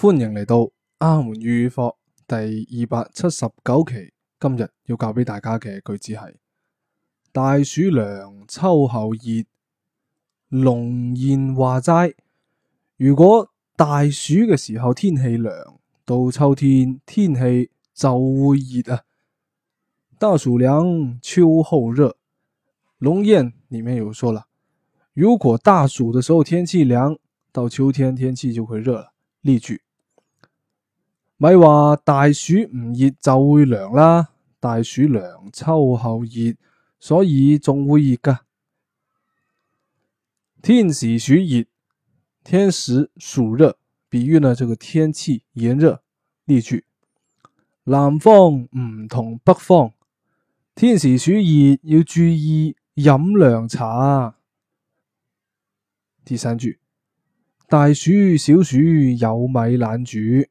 歡迎嚟到阿門粵語課第二百七十九期，今日要教俾大家嘅句子係：大暑涼，秋後熱。農諺話齋，如果大暑嘅時候天氣涼，到秋天天氣就會熱啊！大暑涼，秋後熱。農諺裏面又說了，如果大暑嘅時候天氣涼，到秋天天氣就會熱了。例句。咪話大暑唔熱就會涼啦，大暑涼，秋後熱，所以仲會熱噶。天時暑熱，天時暑熱，比喻呢，這個天氣炎熱。例句：南方唔同北方，天時暑熱，要注意飲涼茶。第三句：大暑小暑有米懶煮。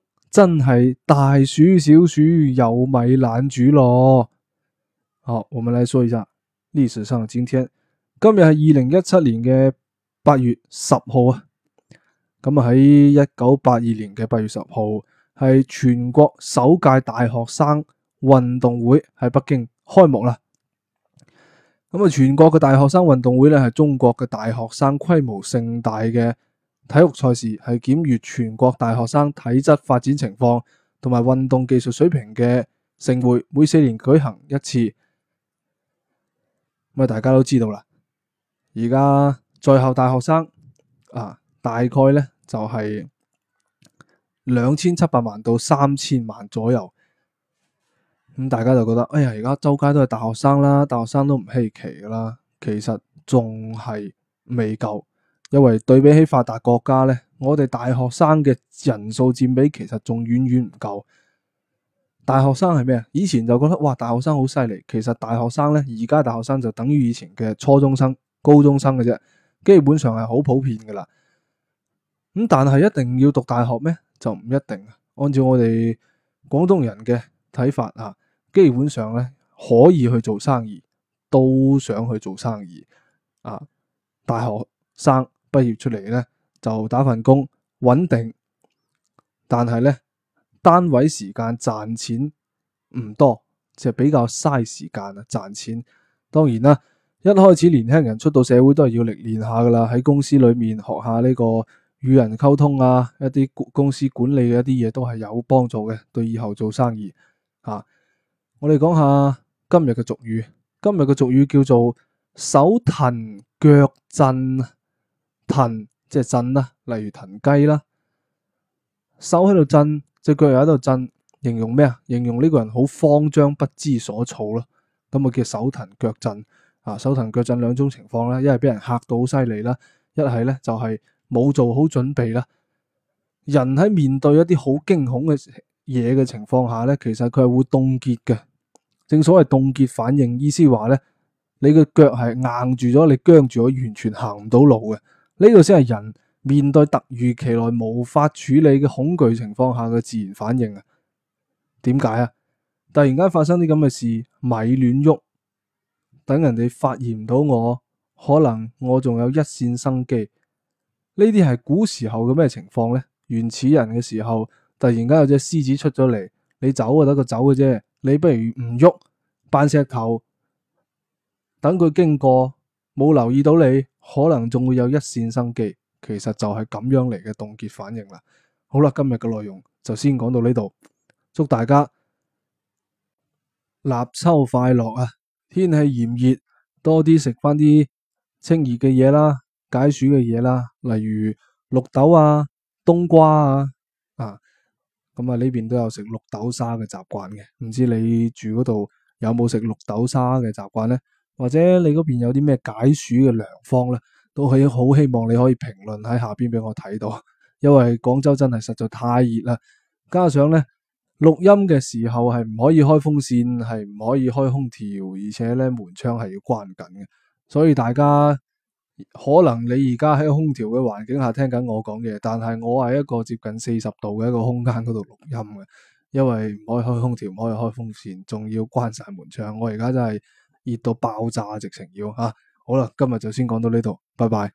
真係大暑小暑有米懶煮咯！好，我們來說一下歷史上今天，今日係二零一七年嘅八月十號啊。咁啊喺一九八二年嘅八月十號，係全國首屆大學生運動會喺北京開幕啦。咁啊，全國嘅大學生運動會咧，係中國嘅大學生規模盛大嘅。體育賽事係檢閱全國大學生體質發展情況同埋運動技術水平嘅盛會，每四年舉行一次。咁大家都知道啦。而家在校大學生啊，大概呢就係兩千七百萬到三千萬左右。咁大家就覺得，哎呀，而家周街都係大學生啦，大學生都唔稀奇噶啦。其實仲係未夠。因為對比起發達國家呢，我哋大學生嘅人數佔比其實仲遠遠唔夠。大學生係咩？以前就覺得哇，大學生好犀利。其實大學生呢，而家大學生就等於以前嘅初中生、高中生嘅啫，基本上係好普遍噶啦。咁但係一定要讀大學咩？就唔一定。按照我哋廣東人嘅睇法啊，基本上呢，可以去做生意，都想去做生意啊，大學生。畢業出嚟咧就打份工，穩定，但係咧單位時間賺錢唔多，就比較嘥時間啊賺錢。當然啦，一開始年輕人出到社會都係要歷練下噶啦，喺公司裏面學下呢個與人溝通啊，一啲公司管理嘅一啲嘢都係有幫助嘅，對以後做生意啊。我哋講下今日嘅俗語，今日嘅俗語叫做手揗腳震。騰即係震啦，例如騰雞啦，手喺度震，隻腳又喺度震，形容咩啊？形容呢個人好慌張，不知所措咯。咁啊，叫手騰腳震啊。手騰腳震兩種情況咧，一係俾人嚇到好犀利啦，一係咧就係冇做好準備啦。人喺面對一啲好驚恐嘅嘢嘅情況下咧，其實佢係會凍結嘅。正所謂凍結反應，意思話咧，你個腳係硬住咗，你僵住咗，完全行唔到路嘅。呢個先係人面對突如其來、無法處理嘅恐懼情況下嘅自然反應啊。點解啊？突然間發生啲咁嘅事，咪亂喐，等人哋發現唔到我，可能我仲有一線生機。呢啲係古時候嘅咩情況呢？原始人嘅時候，突然間有隻獅子出咗嚟，你走就得個走嘅啫，你不如唔喐，扮石頭，等佢經過，冇留意到你，可能仲會有一線生機，其實就係咁樣嚟嘅凍結反應啦。好啦，今日嘅內容就先講到呢度，祝大家立秋快樂啊！天氣炎熱，多啲食翻啲清熱嘅嘢啦，解暑嘅嘢啦，例如綠豆啊、冬瓜啊啊，咁啊呢邊都有食綠豆沙嘅習慣嘅，唔知你住嗰度有冇食綠豆沙嘅習慣呢？或者你嗰邊有啲咩解暑嘅良方咧，都係好希望你可以評論喺下邊俾我睇到，因為廣州真係實在太熱啦。加上咧錄音嘅時候係唔可以開風扇，係唔可以開空調，而且咧門窗係要關緊嘅。所以大家可能你而家喺空調嘅環境下聽緊我講嘢，但係我係一個接近四十度嘅一個空間嗰度錄音嘅，因為唔可以開空調，唔可以開風扇，仲要關晒門窗。我而家真係。熱到爆炸，直情要吓啊！好啦，今日就先講到呢度，拜拜。